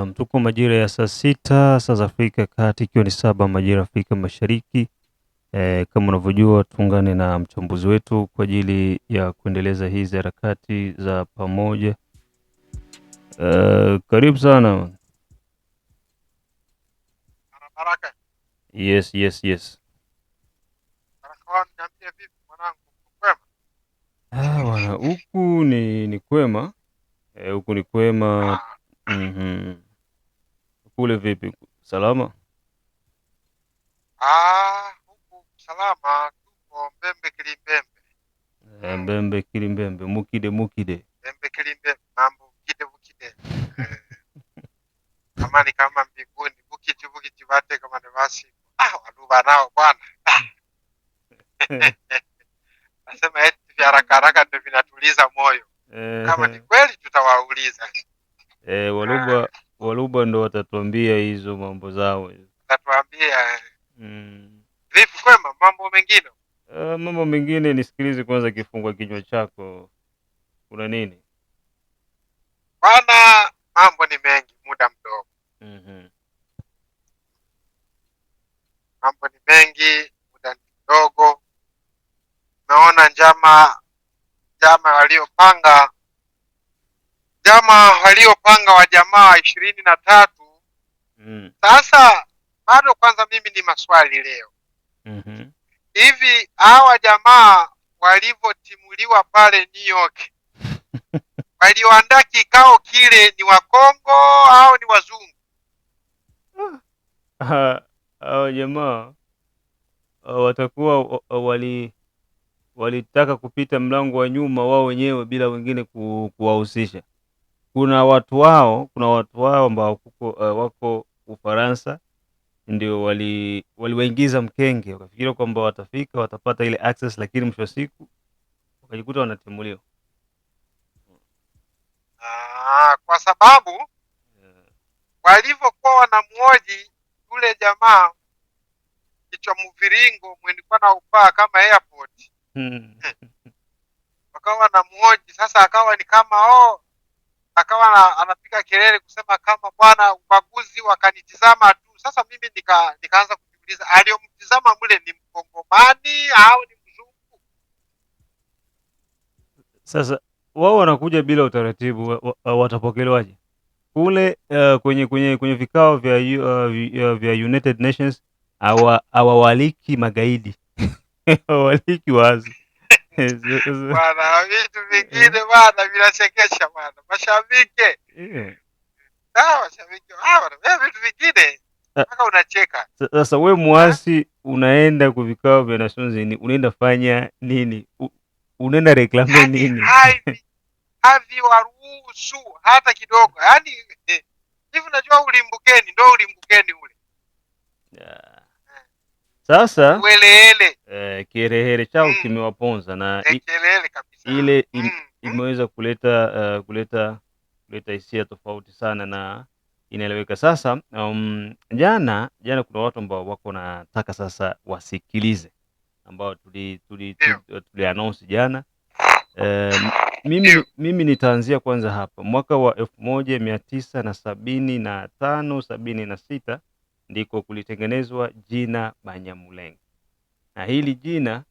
Naam, tuko majira ya saa sita saa za Afrika Kati, ikiwa ni saba majira Afrika Mashariki. E, kama unavyojua tuungane na mchambuzi wetu kwa ajili ya kuendeleza hizi harakati za pamoja. E, karibu sana. Baraka. Yes, yes, yes. Bwana, huku ni ni kwema, eh, huku e, ni kwema. Ah. Mm-hmm kule vipi? Salama? Ah, huku salama, tuko mbembe kilimbembe. Eh, mbembe kilimbembe, mukide mukide. Mbembe kilimbembe, mambo kide mukide. Kama eh, ni kama mbinguni, bukiji bukiji bate kama ni basi. Ah, waluba banao bwana. Nasema eti vya haraka haraka ndio vinatuliza moyo. Eh. Kama ni kweli tutawauliza. Eh, walugwa ah. Waluba ndo watatuambia hizo mambo zao watatuambia eh. mm. Vipi kwema, mambo mengine uh, mambo mengine nisikilize kwanza, kifungwa kinywa chako kuna nini bwana? Mambo ni mengi, muda mdogo. mm -hmm. Mambo ni mengi, muda ni mdogo. Naona njama njama waliopanga kama waliopanga wa jamaa ishirini na tatu mm. Sasa bado kwanza, mimi ni maswali leo mm -hmm. Hivi hawa jamaa walivyotimuliwa pale New York walioandaa kikao kile ni Wakongo au ni wazungu? Ah, hawa jamaa ah, watakuwa ah, wali walitaka kupita mlango wa nyuma wao wenyewe bila wengine kuwahusisha kuna watu wao kuna watu wao ambao kuko, uh, wako Ufaransa ndio waliwaingiza wali mkenge, wakafikiria kwamba watafika watapata ile access, lakini mwisho wa siku wakajikuta wanatimuliwa ah, kwa sababu yeah, walivyokuwa wanamwoji yule jamaa kichwa mviringo mwenilikuwa na upaa kama airport hmm. wakawa wanamwoji sasa, akawa ni kama oh akawa anapiga kelele kusema kama bwana ubaguzi, wakanitizama tu. Sasa mimi nika, nikaanza kujiuliza aliyomtizama mule ni mkongomani au ni mzungu? Sasa wao wanakuja bila utaratibu, watapokelewaje kule uh, kwenye kwenye kwenye vikao vya uh, vya United Nations? Hawawaliki magaidi hawawaliki wazi bwana, vitu vingine bwana vinachekesha bwana, mashabiki mashabiki vitu vingine eh. mpaka unacheka. Sasa wewe mwasi, unaenda ku vikao vya Nations Unies, unaenda fanya nini? Unaenda reklame yaani nini? Haviwaruhusu hata kidogo. Yani eh, hivi, unajua ulimbukeni, ndo ulimbukeni ule yeah. Sasa welele eh, kiherehere chao mm, kimewaponza na e, ile mm. im, mm, imeweza kuleta uh, kuleta kuleta hisia tofauti sana na inaeleweka sasa. Um, jana jana kuna watu ambao wako nataka sasa wasikilize ambao tuli, tuli, tuli, tuli announce jana um, mimi, mimi nitaanzia kwanza hapa mwaka wa elfu moja mia tisa na sabini na tano sabini na sita ndiko kulitengenezwa jina Banyamulenge, na hili jina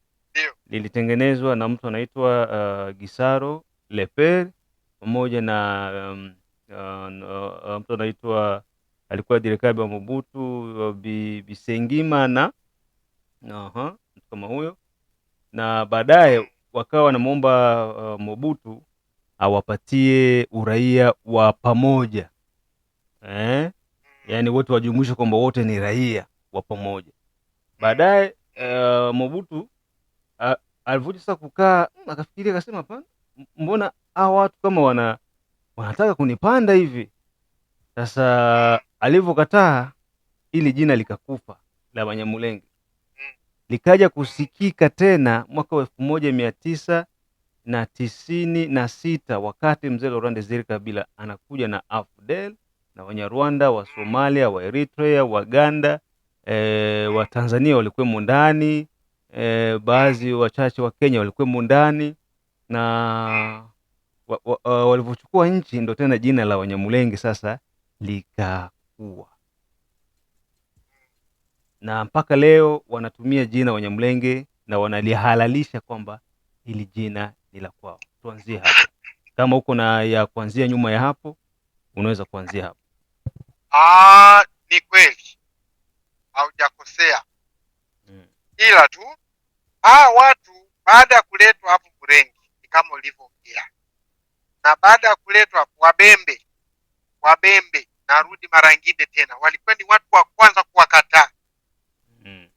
lilitengenezwa na mtu anaitwa uh, Gisaro Leper pamoja na um, uh, uh, mtu anaitwa alikuwa direkabi wa Mobutu uh, Bisengimana uh -huh, mtu kama huyo, na baadaye wakawa wanamwomba uh, Mobutu awapatie uraia wa pamoja eh? yani wote wajumuishwe kwamba wote ni raia wa pamoja. Baadaye uh, Mobutu uh, eh, alivyoja sasa kukaa hmm, akafikiria, akasema hapana, mbona hawa watu kama wana wanataka kunipanda hivi. Sasa alivyokataa, ili jina likakufa la Banyamulenge, likaja kusikika tena mwaka wa elfu moja mia tisa na tisini na sita wakati mzee Laurent Desire Kabila anakuja na AFDEL na Wanyarwanda wa Somalia, wa Eritrea, Waganda e, eh, wa Tanzania walikuwemo ndani e, baadhi wachache wa Kenya walikuwemo ndani na walivochukua wa, wa, nchi ndo tena jina la Wanyamulenge sasa likakuwa na mpaka leo wanatumia jina Wanyamulenge na wanalihalalisha kwamba hili jina ni la kwao. Tuanzie hapo, kama uko na ya kuanzia nyuma ya hapo, unaweza kuanzia hapo. Aa, ah, ni kweli haujakosea mm. Ila tu hawa watu baada ya kuletwa hapo mrengi ni kama ulivyoongea, na baada ya kuletwa Wabembe, Wabembe narudi mara nyingine tena, walikuwa ni watu wa kwanza kuwakataa mm.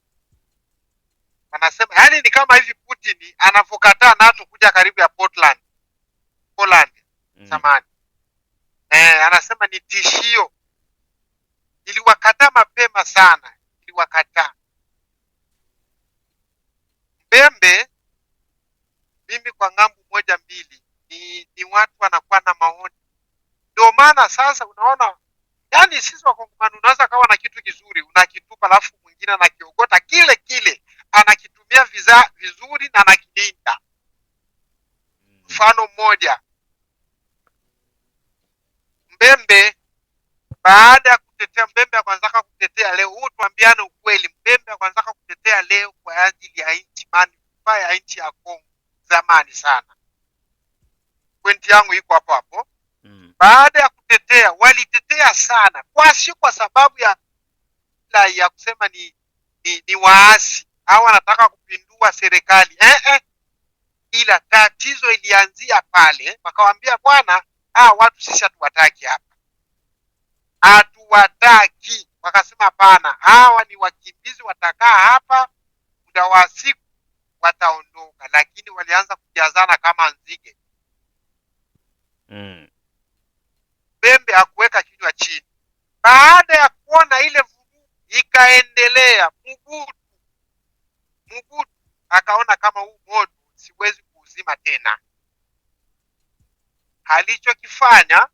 Wanasema yani ni kama hivi Putin anavyokataa NATO kuja karibu ya Portland, Poland mm. Samani eh, anasema ni tishio Niliwakataa mapema sana, niliwakataa Mbembe. Mimi kwa ng'ambu moja mbili ni, ni watu wanakuwa na maoni, ndio maana sasa unaona yani sisi wakongomani unaweza kawa na kitu kizuri unakitupa, alafu mwingine anakiokota kile kile anakitumia viza, vizuri na anakilinda. Mm. Mfano mmoja Mbembe baada kutetea leo. Huu tuambiane ukweli, Mbembe anataka kutetea leo kwa ajili ya nchi manufaa ya nchi ya Kongo zamani sana. Pointi yangu iko hapo hapo. Mm. Baada ya kutetea, walitetea sana kwa kwa sababu ya la ya kusema ni ni, ni waasi au wanataka kupindua serikali eh, eh. Ila tatizo ilianzia pale, wakawambia bwana, watu sisi hatuwataki hapa, hatuwataki wakasema hapana, hawa ni wakimbizi, watakaa hapa muda wa siku wataondoka, lakini walianza kujazana kama nzige mm. Bembe hakuweka kichwa chini. Baada ya kuona ile vurugu ikaendelea, Mugutu Mugutu akaona kama huu moto siwezi kuuzima tena. Alichokifanya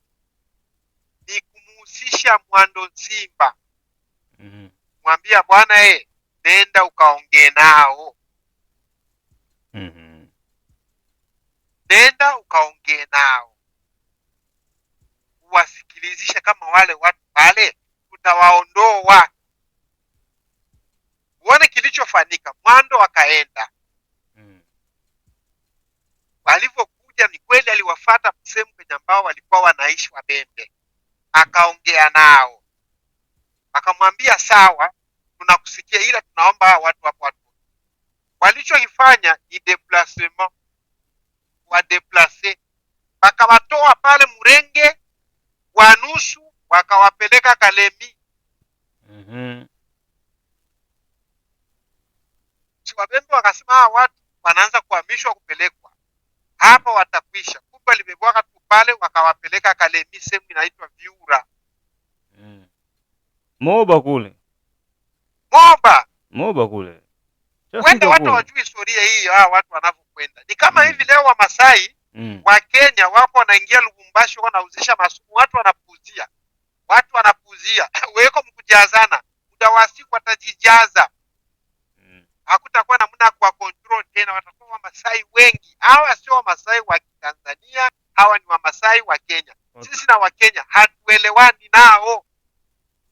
ni kumuhusisha Mwando simba mm. Mm-hmm. mwambia bwana e, nenda ukaongee nao mm -hmm. nenda ukaongee nao uwasikilizisha kama wale watu pale utawaondoa uone kilichofanyika Mwando akaenda mm. walivyokuja ni kweli aliwafata msehemu kwenye ambao walikuwa wanaishi Wabembe, akaongea nao akamwambia sawa, tunakusikia ila tunaomba watu hapo watu. Walichokifanya ni wa wadeplase, wakawatoa pale Murenge nusu wakawapeleka Kalemi. mm -hmm. Wabembe wakasema hawa watu wanaanza kuhamishwa kupelekwa hapa, watakwisha. Kumbe limebwaga tu pale, wakawapeleka Kalemi, sehemu inaitwa Viura. Moba kule. Moba. Moba kule. Wende watu wajui historia hii hawa watu wanavyokwenda. Ni kama mm. hivi leo Wamasai mm. wa Kenya wapo wanaingia Lubumbashi wanauzisha masumu, watu wanapuuzia. Watu wanapuuzia. Weko mkujazana. Muda wa siku watajijaza. Mm. Hakutakuwa namna kwa control tena, watakuwa Wamasai wengi. Hawa sio Wamasai wa Tanzania, hawa ni Wamasai wa Kenya. Okay. Sisi na Wakenya hatuelewani nao.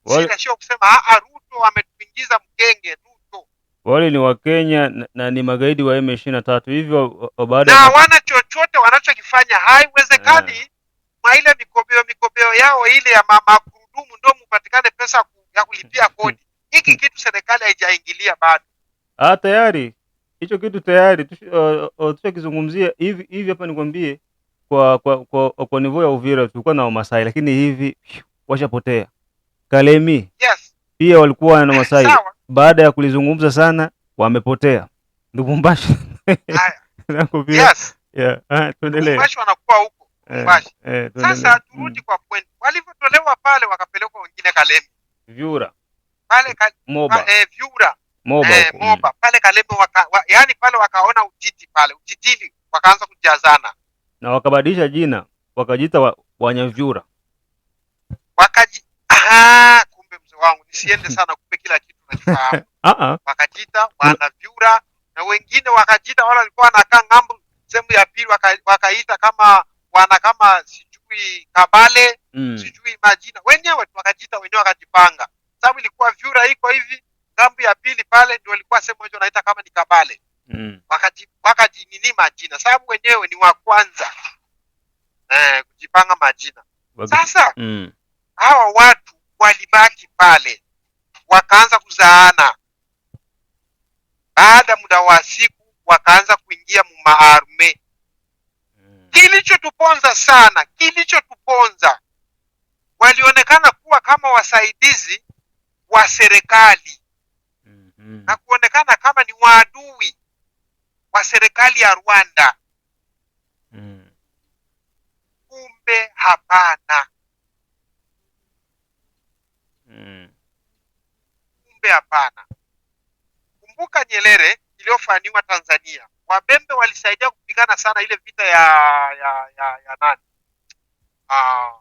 Sina sio kusema a ah, ah, Ruto ametuingiza mkenge Ruto. Wale ni Wakenya na, na ni magaidi wa M23 hivyo baada na wana chochote wanachokifanya haiwezekani yeah. Mwa ile mikobeo mikobeo yao ile ya mama kurudumu ndio mupatikane pesa ya kulipia hmm. kodi. Hiki hmm. kitu serikali haijaingilia bado. Ah, tayari hicho kitu tayari tushakizungumzia. Uh, uh, hivi hivi hapa nikwambie, kwa kwa kwa, kwa, kwa ya Uvira tulikuwa na Wamasai, lakini hivi washapotea Kalemi yes. Pia walikuwa na Masai baada ya kulizungumza sana wamepotea Lubumbashi nako pia yes. yeah. Ah, tuendelee. Lubumbashi wanakuwa huko Lubumbashi eh, eh, sasa mm. turudi kwa point walivyotolewa pale wakapelekwa wengine Kalemi Vyura pale ka, Moba pa, eh, Vyura Moba, eh, mm. Moba. Mm. pale Kalemi waka, wa, yani pale wakaona utiti pale utitili wakaanza kujazana na wakabadilisha jina wakajiita wa, Wanyavyura wakaji Ah, kumbe mzee wangu nisiende sana, kumbe kila kitu nakifahamu. Ah, ah. wakajita -uh. vyura na wengine wakajita wala walikuwa wanakaa ng'ambo sehemu ya pili, waka, wakaita kama wana kama sijui kabale mm. sijui majina wenyewe wakajita wenyewe wakajipanga, sababu ilikuwa vyura iko hivi ngambo ya pili pale, ndio walikuwa sehemu hiyo wanaita kama ni kabale mm. wakati wakajinini majina, sababu wenyewe ni wa kwanza eh, kujipanga majina Wabi. Sasa mm. hawa watu walibaki pale, wakaanza kuzaana. Baada muda wa siku wakaanza kuingia mumaarume mm. Kilichotuponza sana, kilichotuponza walionekana kuwa kama wasaidizi wa serikali mm -hmm. na kuonekana kama ni waadui wa serikali ya Rwanda mm. Kumbe hapana. Mm. Kumbe hapana. Kumbuka Nyerere iliyofanywa Tanzania, wabembe walisaidia kupigana sana ile vita ya ya ya, ya nani uh,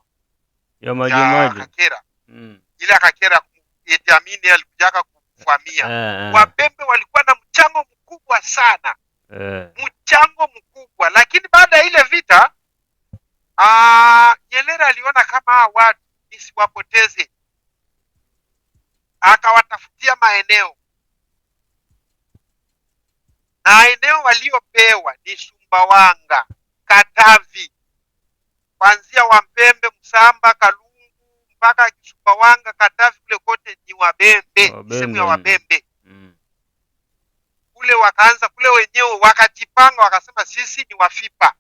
ya majimaji Kakera mm. ile Kakera Idi alikujaka kufamia eh, eh, eh. Wabembe walikuwa na mchango mkubwa sana eh. mchango mkubwa, lakini baada ya ile vita uh, Nyerere aliona kama watu nisiwapoteze akawatafutia maeneo na eneo waliopewa ni Sumbawanga, Katavi, kuanzia Wampembe, Msamba, Kalungu mpaka Sumbawanga, Katavi kule kote ni Wabembe, sehemu ya mm. Wabembe mm. Kule wakaanza kule wenyewe wakajipanga, wakasema sisi ni Wafipa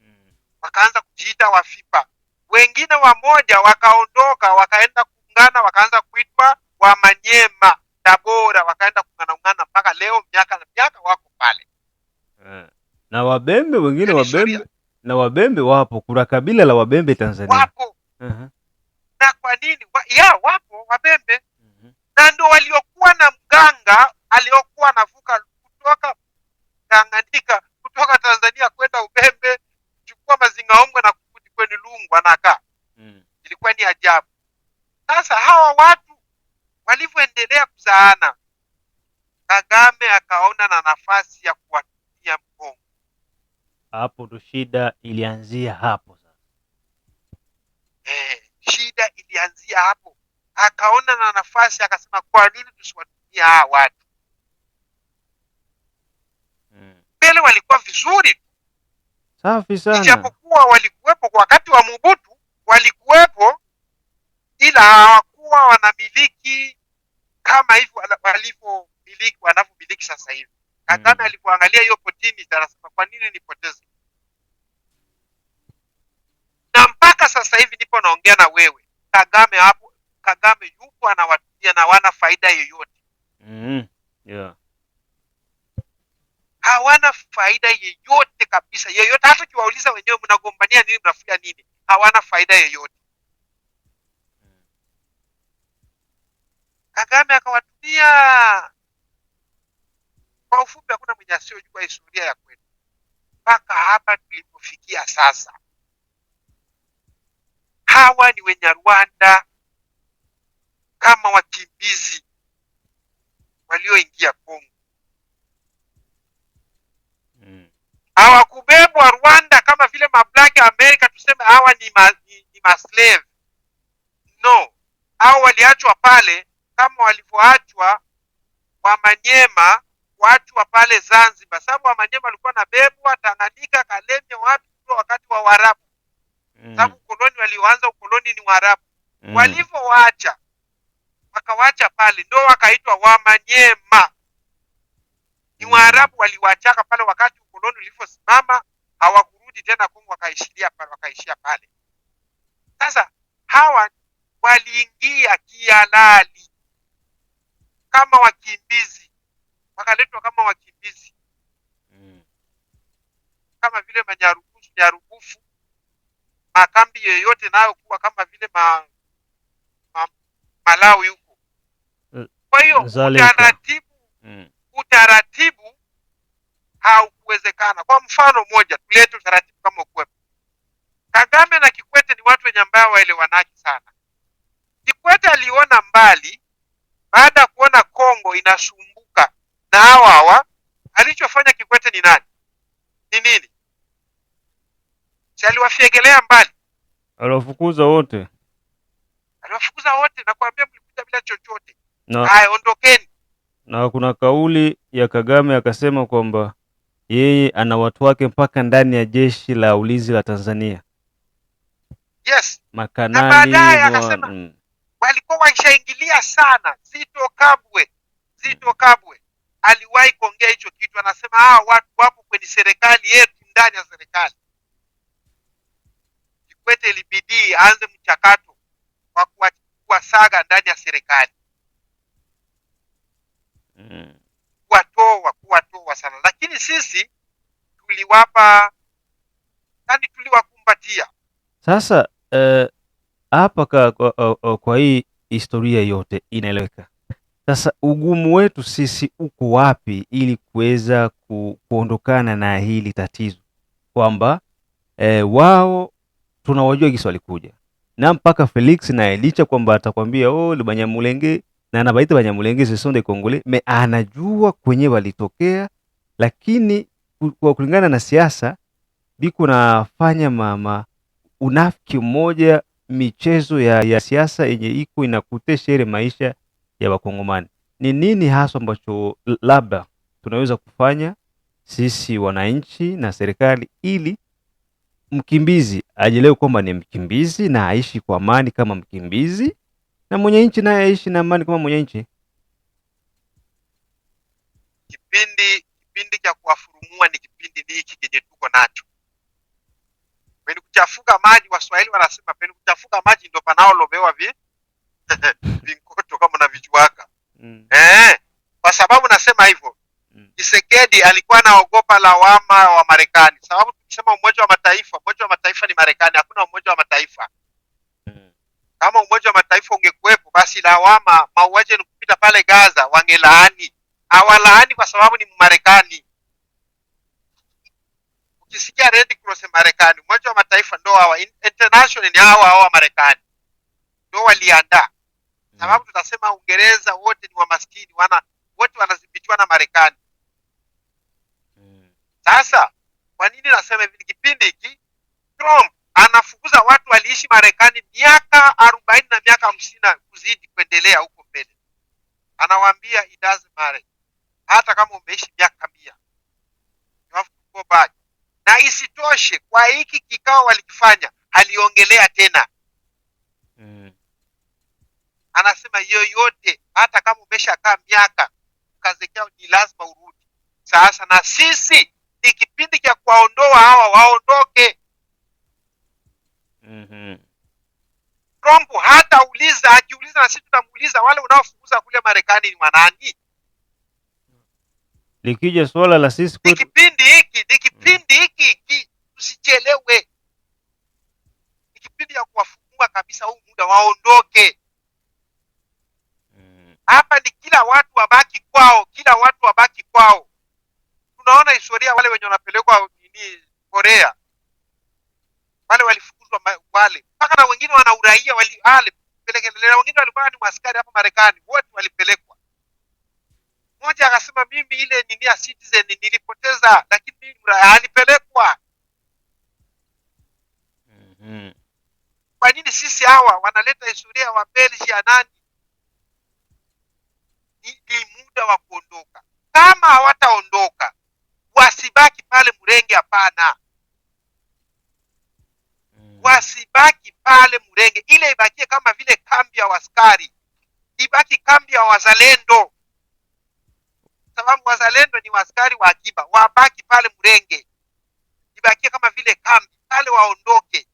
mm. Wakaanza kujiita Wafipa, wengine wamoja wakaondoka wakaenda wakaungana wakaanza kuitwa Wamanyema Tabora, wakaenda kung'anaungana mpaka leo, miaka na miaka wako pale uh, na Wabembe wengine yaani Wabembe na Wabembe wapo, kuna kabila la Wabembe Tanzania wapo uh -huh. na kwa nini wa, ya wapo Wabembe uh mm-hmm. -huh. na ndio waliokuwa na mganga aliokuwa anavuka kutoka Tanganyika kutoka Tanzania kwenda Ubembe chukua mazingaombwe na kukuti kweni Lungwa nakaa mm. ilikuwa ni ajabu sasa hawa watu walivyoendelea kuzaana, Kagame akaona na nafasi ya kuwatumia mgongo. Hapo ndo shida ilianzia hapo sasa. Eh, shida ilianzia hapo, akaona na nafasi akasema, kwa nini tusiwatumia hawa watu? Hmm. Mbele walikuwa vizuri safi sana, ijapokuwa walikuwepo kwa wakati wa mubutu walikuwepo ila hawakuwa wanamiliki kama hivyo walivyomiliki wanavyomiliki sasa hivi. Hmm. kadhani mm. alipoangalia hiyo potini, anasema kwa nini nipoteze? Na mpaka sasa hivi nipo naongea na wewe, Kagame hapo, Kagame yupo anawatumia na wana faida yoyote mm. yeah. hawana faida yeyote kabisa, yeyote. Hata ukiwauliza wenyewe mnagombania nini, mnafikia nini, hawana faida yoyote Kagame akawatumia. Kwa ufupi, hakuna mwenye asiyojua historia ya kwetu mpaka hapa tulipofikia sasa. Hawa ni wenye Rwanda kama wakimbizi walioingia Kongo mm. hawakubebwa mm. Rwanda kama vile mablaki ya Amerika tuseme hawa ni, ma, ni, ni maslave no, hao waliachwa pale kama walivyoachwa Wamanyema, watu wa pale Zanzibar, sababu Wamanyema walikuwa na bebwa Tanganyika, Kalemie, wapi wakati wa Warabu mm. sababu ukoloni walioanza ukoloni ni Waarabu mm. walivyowacha wakawacha pale, ndo wakaitwa Wamanyema. Ni mm. Waarabu waliwachaka pale wakati ukoloni ulivyosimama, hawakurudi tena Kongo, wakaishia pale, wakaishia pale. Sasa hawa waliingia kialali kama wakimbizi, wakaletwa kama wakimbizi mm. kama vile manyarugufu nyarugufu, makambi yoyote nayo kuwa kama vile ma, ma, Malawi huko. Eh, Kwa hiyo utaratibu mm. utaratibu haukuwezekana. Kwa mfano moja, tulete utaratibu kama ukuwepo Kagame na Kikwete ni watu wenye ambayo waelewanaki sana. Kikwete aliona mbali baada Kongo inasumbuka na hawa hawa. Alichofanya Kikwete ni nani? Ni nini? Si aliwafyegelea mbali, aliwafukuza wote, aliwafukuza wote na kuambia mlikuja bila chochote, haya ondokeni. Na kuna kauli ya Kagame akasema kwamba yeye ana watu wake mpaka ndani ya jeshi la ulinzi la Tanzania. Yes. Makanani na baadaye akasema mm. walikuwa waishaingilia sana Zito Kabwe Zito Kabwe aliwahi kuongea hicho kitu, anasema hawa ah, watu wapo kwenye serikali yetu, ndani ya serikali. Kikwete ilibidi aanze mchakato wa kuwasaga ndani ya serikali, mm. kuwatoa kuwatoa sana, lakini sisi tuliwapa, yani tuliwakumbatia. Sasa eh, hapa uh, kwa, kwa, kwa hii historia yote inaeleweka sasa ugumu wetu sisi uko wapi ili kuweza ku, kuondokana na hili tatizo kwamba e, wao tunawajua gisi walikuja na mpaka Felix na Elicha kwamba atakwambia oh le Banyamulenge na anabaita Banyamulenge ce sont me anajua kwenye walitokea, lakini kwa kulingana na siasa biko nafanya mama unafiki mmoja michezo ya, ya siasa yenye iko inakutesha ile maisha ya Wakongomani. Ni nini haswa ambacho labda tunaweza kufanya sisi wananchi na serikali ili mkimbizi ajielewe kwamba ni mkimbizi na aishi kwa amani kama mkimbizi, na mwenye nchi naye aishi na amani kama mwenye nchi. Kipindi kipindi cha kuwafurumua ni kipindi ni hiki kenye tuko nacho, peni kuchafuka maji. Waswahili wanasema peni kuchafuka maji ndo panaolovewa vi vingoto kama unavijuaka mm. Eh, kwa sababu nasema hivyo mm. Tshisekedi alikuwa anaogopa lawama wa Marekani, sababu tukisema Umoja wa Mataifa, Umoja wa Mataifa ni Marekani, hakuna Umoja wa Mataifa mm. Kama Umoja wa Mataifa ungekuwepo, basi lawama mauaji yalikupita pale Gaza wangelaani, hawalaani kwa sababu ni Marekani. Ukisikia Red Cross Marekani, Umoja wa Mataifa ndo hawa, international ni hawa hawa Marekani ndo waliandaa sababu tunasema Uingereza wote ni wamaskini, wana wote wanadhibitiwa na Marekani. Sasa kwa nini nasema hivi? Kipindi hiki Trump anafukuza watu waliishi Marekani miaka arobaini na miaka hamsini na kuzidi kuendelea huko mbele, anawaambia it doesn't matter, hata kama umeishi miaka mia you have to go back. Na isitoshe kwa hiki kikao walikifanya, aliongelea tena anasema yoyote, hata kama umeshakaa miaka ukazekea, ni lazima urudi. Sasa na sisi ni kipindi cha kuwaondoa hawa, waondoke. mm -hmm. hata uliza, akiuliza na sisi tutamuuliza, wale unaofukuza kule Marekani ni wanani? Likija swala la sisi ni kipindi hiki, ni kipindi mm. hiki, tusichelewe. Ni kipindi ya kuwafungua kabisa huu muda, waondoke. Hapa ni kila watu wabaki kwao, kila watu wabaki kwao. Tunaona historia wale wenye wanapelekwa nini Korea, wale walifukuzwa wale, mpaka na wengine wana uraia wali ah, wale wengine walikuwa ni maskari hapa Marekani, wote walipelekwa. Mmoja akasema mimi ile nini ya citizen nilipoteza, lakini mimi alipelekwa. mm Kwa nini sisi hawa wanaleta historia wa Belgium nani muda wa kuondoka. Kama hawataondoka wasibaki pale Mrenge, hapana, mm. wasibaki pale Mrenge, ile ibakie kama vile kambi ya waskari, ibaki kambi ya wazalendo, sababu wazalendo ni waskari wa akiba, wabaki pale Mrenge, ibakie kama vile kambi pale, waondoke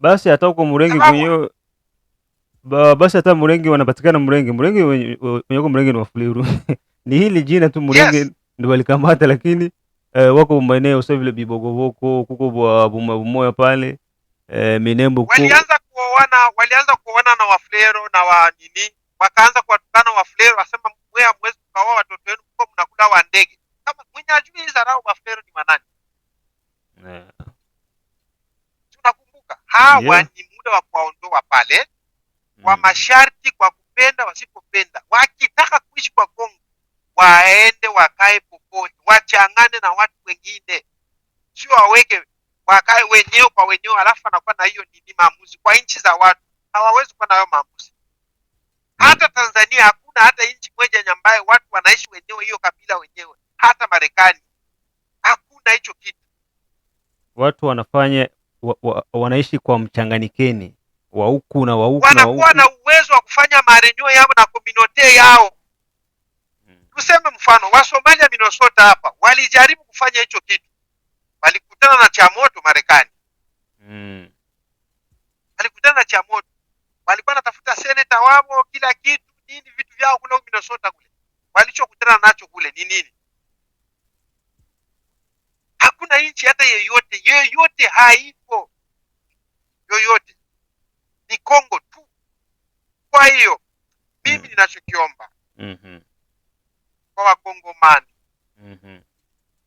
basi hata huko Mrenge kwenye Ba, basi hata Mrengi wanapatikana Mrengi, Mulenge wenyeko Mrengi ni Wafuliru. Ni hili jina tu Mrengi yes. Ndio walikamata lakini eh, wako maeneo sio vile Bibogovoko kuko bwa bumoya pale eh, Minembo kuko. Walianza kuoana walianza kuoana na Wafuliru na wa nini? Wakaanza kuwatukana Wafuliru wasema mwe mwezi kaoa watoto wenu mko mnakula wa ndege. Kama mwenye ajui hizo rao Wafuliru ni manani? Yeah. Tunakumbuka hawa yeah. Ni muda wa kuwaondoa pale kwa masharti, kwa kupenda, wasipopenda. Wakitaka kuishi kwa Kongo waende wakae popote, wachangane na watu wengine, sio waweke wakae wenyewe kwa wenyewe, alafu anakuwa na hiyo nini maamuzi kwa nchi za watu. Hawawezi kuwa nayo maamuzi. Hata Tanzania hakuna hata nchi moja ambayo watu wanaishi wenyewe hiyo kabila wenyewe, hata Marekani hakuna hicho kitu. Watu wanafanya wa, wa, wanaishi kwa mchanganyikeni wa huku na wa huku wanakuwa na uwezo wa kufanya marenyo yao na kominote yao. Hmm. Tuseme mfano wa Somalia, Minnesota hapa walijaribu kufanya hicho kitu, walikutana na chamoto Marekani. Hmm. Walikutana na chamoto, walikuwa natafuta seneta wao, kila kitu nini, vitu vyao kule Minnesota kule. Walichokutana nacho kule ni nini? Hakuna nchi hata yeyote yeyote, haipo yoyote ni Kongo tu. Kwa hiyo mimi mm. ninachokiomba mm -hmm. kwa Wakongomani mm -hmm.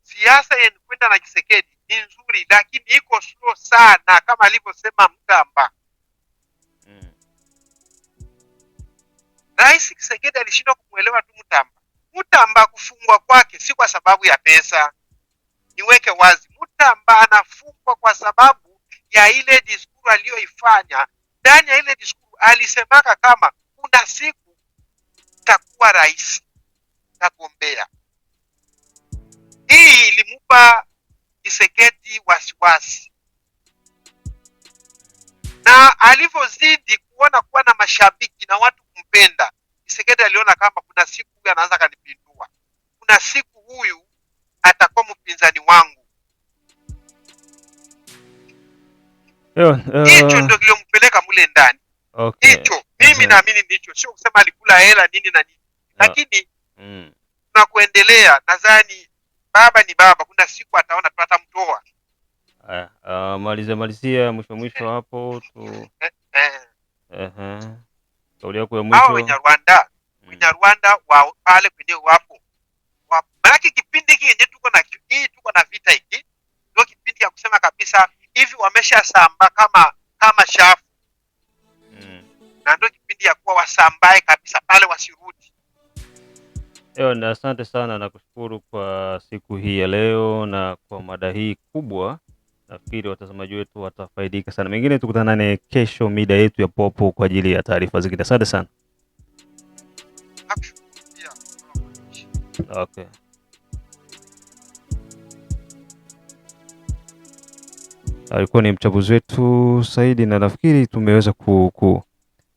siasa kwenda na Kisekedi ni nzuri, lakini iko slow sana kama alivyosema Mgamba mm. Rais Kisekedi alishindwa kumwelewa tu Mutamba. Mutamba kufungwa kwake si kwa sababu ya pesa, niweke wazi, Mutamba anafungwa kwa sababu ya ile diskuru aliyoifanya ndani ya ile diskuru alisemaka kama kuna siku takuwa rais tagombea. Hii ilimupa kiseketi wasiwasi, na alivyozidi kuona kuwa na mashabiki na watu kumpenda, kiseketi aliona kama kuna siku huyu anaweza kanipindua, kuna siku huyu atakuwa mpinzani wangu. Uh, hicho ndio kiliompeleka mule ndani okay. hicho mimi okay. naamini ndicho, sio kusema alikula hela nini na nini yeah. lakini mm. na kuendelea, nadhani baba ni baba, kuna siku ataona tu atamtoa. Haya, uh, maliza malizia mwisho mwisho eh. hapo tu eh, eh. kauli yako ya mwisho. Hao Wanyarwanda mm. Rwanda wa pale kwenye wapo manake kipindi hiki yenye tuko na hii tuko na vita hiki ndio kipindi ya kusema kabisa hivi wameshasambaa kama kama shafu mm. na ndio kipindi ya kuwa wasambae kabisa pale wasirudi. Na asante sana na kushukuru kwa siku hii ya leo na kwa mada hii kubwa. Nafikiri watazamaji wetu watafaidika sana. Mengine tukutanane kesho mida yetu ya popo kwa ajili ya taarifa zingine. Asante sana. Okay. alikuwa ni mchambuzi wetu Saidi, na nafikiri tumeweza ku, ku,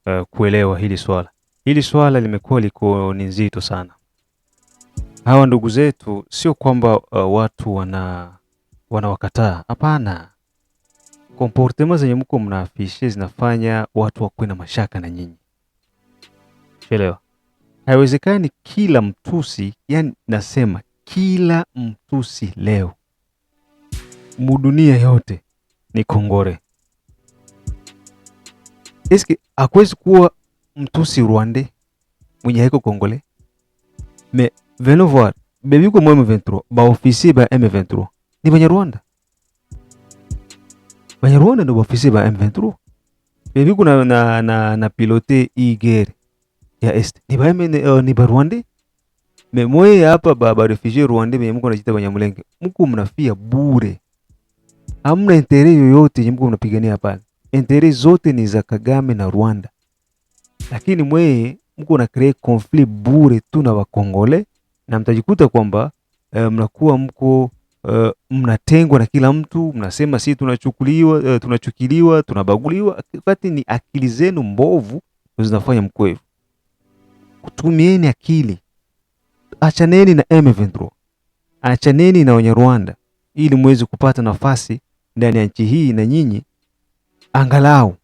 uh, kuelewa hili swala. Hili swala limekuwa liko ni nzito sana. Hawa ndugu zetu sio kwamba uh, watu wana wanawakataa, hapana. Komportema zenye mko mnaafishe zinafanya watu wakuwe na mashaka na nyinyi, chelewa. Haiwezekani kila mtusi, yani nasema kila mtusi leo mudunia yote ni Kongore. Eske akwezi kuwa mtusi Rwande mwenye haiko Kongole? Me veno voir bebiko mwa M23 ba ofisi ba M23 ni Banyarwanda, Rwanda ndo ba ofisi ba M23 bebiko na, na, na, na pilote igere ya est ni ba uh, ni ba Rwande me moye hapa ba ba refugee Rwande me mko najita Banyamulenge mko mnafia bure Hamna entere yoyote mko mnapigania pale, entere zote ni za Kagame na Rwanda, lakini mweye mko na create conflict bure tu na Wakongole, na mtajikuta kwamba e, mnakuwa mko e, mnatengwa na kila mtu, mnasema si tunachukuliwa e, tunachukiliwa tunabaguliwa, wakati ni akili zenu mbovu zinafanya mko hivyo. Tumieni akili, achaneni na M23, achaneni na Wanyarwanda ili muweze kupata nafasi ndani ya nchi hii, na nyinyi angalau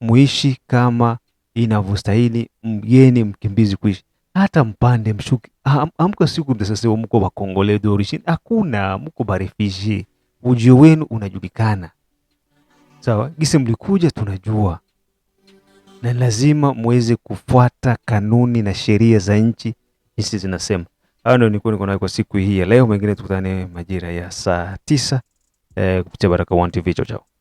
muishi kama inavyostahili mgeni mkimbizi kuishi. Hata mpande mshuki, hamko ah, siku mtasasewa mko bakongole d'origine, hakuna mko barefishi, ujio wenu unajulikana sawa, gisi mlikuja tunajua, na lazima muweze kufuata kanuni na sheria za nchi jinsi zinasema. Hayo ndio nilikuwa niko nayo kwa siku hii ya leo, mengine tukutane majira ya saa tisa eh, kupitia Baraka1 TV. Chao chao.